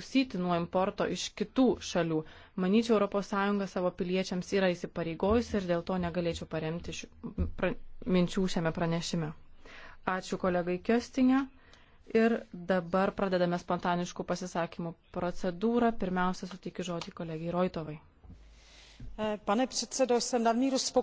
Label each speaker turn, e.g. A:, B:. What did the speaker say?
A: priklausyti nuo importo iš kitų šalių. Manyčiau, ES savo piliečiams yra įsipareigojusi ir dėl to negalėčiau paremti ši, pra, minčių šiame pranešime. Ačiū kolegai Kestinė. Ir dabar pradedame spontaniškų pasisakymų procedūrą. Pirmiausia, suteikiu žodį kolegijai Roitovai. Pane
B: předsedo, jsem nadmíru spokojená.